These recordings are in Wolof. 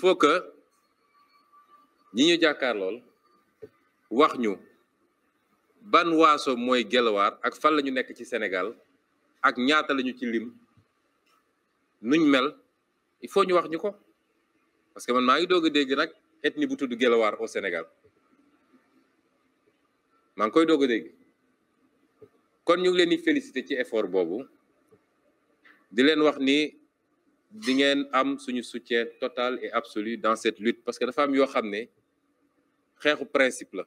faut que ñi ñu jàkkaar lool wax ñu ban waaso mooy Guelwaar ak fan la ñu nekk ci senegal ak ñaata lañu ci lim nuñ mel il faut ñu wax ñu ko parce que man maa ngi doog a dégg nag ethnie bu tudd Guelwaar au senegal maa ngi koy doog a dégg kon ñu ngi leen di féliciter ci effort boobu di wax ni di ngeen am suñu soutien total et absolu dans cette lutte parce que dafa am yoo xam ne xeexu principe la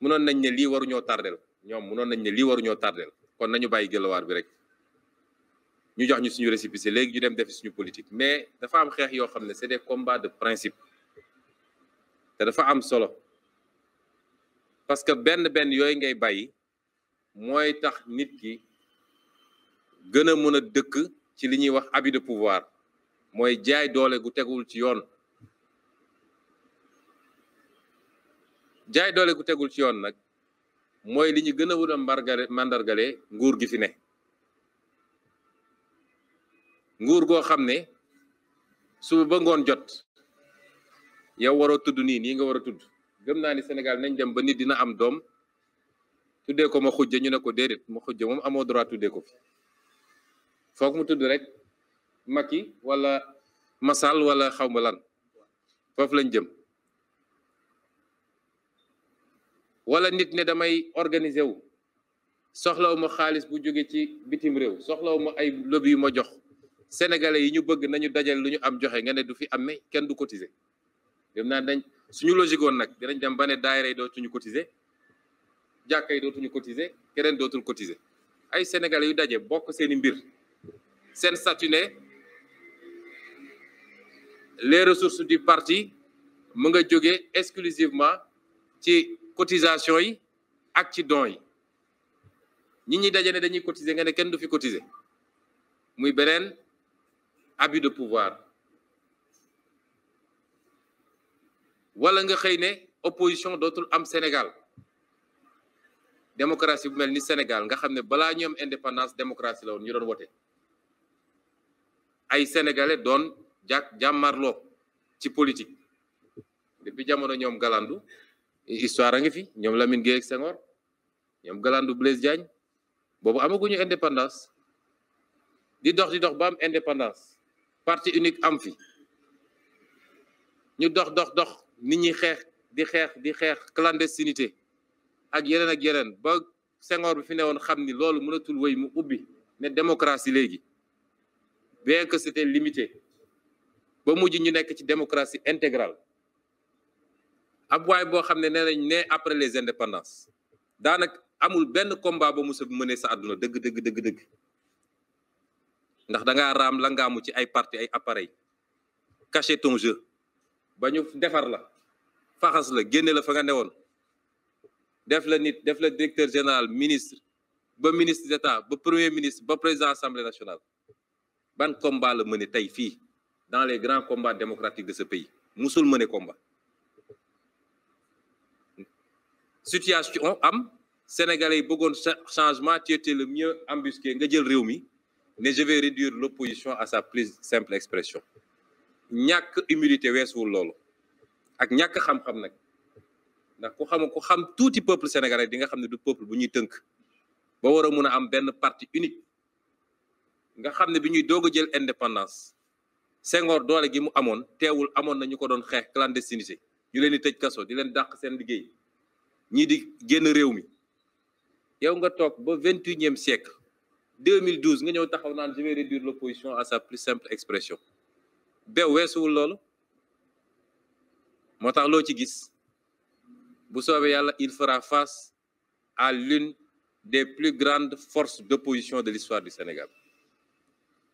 mënoon nañ ne lii waruñoo tardel ñoom mënoon nañ ne lii waruñoo tardel kon nañu bàyyi gëlawaar bi rek ñu jox ñu suñu récépissé léegi ñu dem defi suñu politique mais dafa am xeex yoo xam ne c'est des combats de principe te dafa am solo parce que benn benn yooyu ngay bàyyi mooy tax nit ki gën a mën a dëkk ci li ñuy wax abus de pouvoir mooy jaay doole gu tegul ci yoon jaay doole gu tegul ci yoon nag mooy li ñu gën a wut a mbargale mandargale nguur gi fi ne nguur goo xam ne suba ba ngoon jot yow waroo tudd nii nii nga war a tudd gëm naa ni senegal nañ dem ba nit dina am doom tuddee ko ma xujja ñu ne ko déedéet ma xujja moom amoo droit tuddee ko fi foog mu tudd rek Macky wala massal wala xaw ma lan foofu lañ jëm wala nit ne damay organiser wu soxlawu ma xaalis bu jóge ci bitim réew soxlawu ma ay lobby yu ma jox sénégalais yi ñu bëgg nañu dajal lu ñu am joxe nga ne du fi amee kenn du cotiser dem naa dañ suñu logique woon nag dinañ dem ba ne daayira yi dootuñu cotiser jàkka yi dootuñu cotiser keneen dootul cotiser ay sénégalais yu daje bokk seeni mbir seen statut les ressources du parti sont exclusivement ci cotisations et ak ci dons yi ñi ñi cotisations, ne dañuy cotiser nga ne Nous du fi abus de pouvoir wala nga xëy ne opposition d'autres am Sénégal démocratie bu Sénégal nga xam ne balaa indépendance démocratie la woon ñu ay sénégalais don jak jamarlo ci politique depuis jamono ñom galandu histoire nga fi ñom Lamine Gueye Senghor ñom galandu Blaise Diagne amagu ñu indépendance di dox di dox ba indépendance parti unique am fi ñu dox dox dox nit ñi xex di xex di xex clandestinité ak yeneen ak yeneen ba Senghor bi fi ne xamni lolu ni mënatul wéy mu ubbi ne démocratie légui bien que c'était limité ba mujj ñu démocratie intégrale après les indépendances amul combat sa ndax da parti ay appareil cacher ton jeu ba la faxas la nit directeur général ministre ba ministre d'État premier ministre ba président l'Assemblée nationale ban combat le mené tay fi dans les grands combats démocratiques de ce pays musul mené combat situation am sénégalais yi changement tu étais le mieux embusqué nga jël rewmi mais je vais réduire l'opposition à sa plus simple expression ñàkk humilité weesuwul loolu ak ñàkk xam-xam nak ndax ko xam ko xam touti peuple sénégalais di nga xam du peuple bu ñuy tënk ba wara mëna am ben parti unique nga xamne bi jël indépendance doole gi mu amon. téwul ko doon avons clandestinité di yow nga ba siècle 2012 nga taxaw naan je vais réduire l'opposition à sa plus simple expression ci gis bu il fera face à l'une des plus grandes forces d'opposition de l'histoire du Sénégal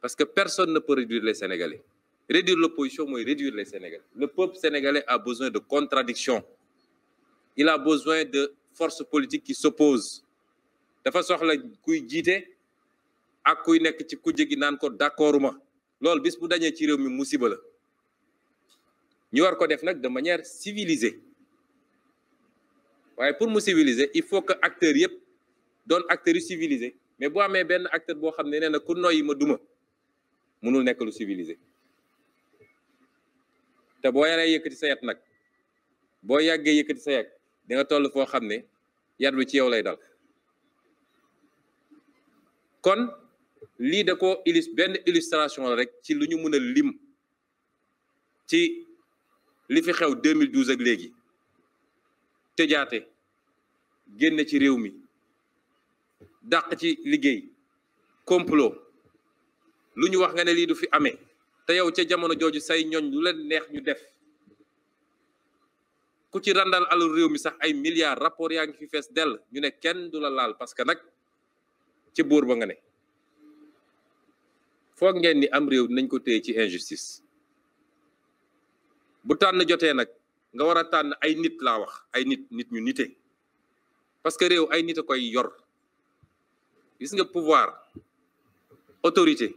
parce que personne ne peut réduire les Sénégalais. Réduire l'opposition, mais réduire les Sénégalais. Le peuple sénégalais a besoin de contradictions. Il a besoin de forces politiques qui s'opposent. De façon à ce ak kuy nekk ci kujje que naan ko d'accorduma loolu bis bu dañee ci réew mi au la ñu war ko def de manière civilisée pour nous civiliser il faut que acteurs soit un acteurs civilisés mais boo mes un acteur boo je ne connais na mënul nekk lu civilisé te boo yaree yëkkati sa yat nag boo yàggee yëkkati sa yat di nga toll foo xam ne yat ci yow lay dal kon lii da ko illus benn illustration la rek ci lu ñu mën a lim ci li fi xew 2012 ak léegi tëjaate génn ci réew mi dàq ci liggéey complot luñu wax nga ne lii du fi amee te yow ca jamono jooju say ñooñ lu leen neex ñu def ku ci randal alu réew mi sax ay milliards rapport yaa ngi fi fees dell ñu ne kenn du laal parce que nag ci buur ba nga ne foog ngeen ni am réew nañ ko téye ci injustice bu tànn jotee nag nga war a tànn ay nit laa wax ay nit nit ñu nite parce que réew ay nit a koy yor gis nga pouvoir autorité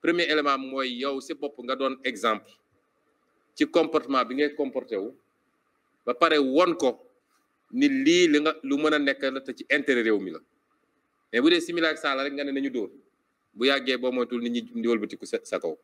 premier élément mooy yow si bopp nga doon exemple ci comportement bi ngay comporté wu ba pare won ko ni lii li nga lu mën a nekk la te ci intérêt réew mi la mais bu dee similaire ak saala rek nga ne na ñu dóor bu yàggee boo moytul nit ñi di wëlbatiku sa sa kaw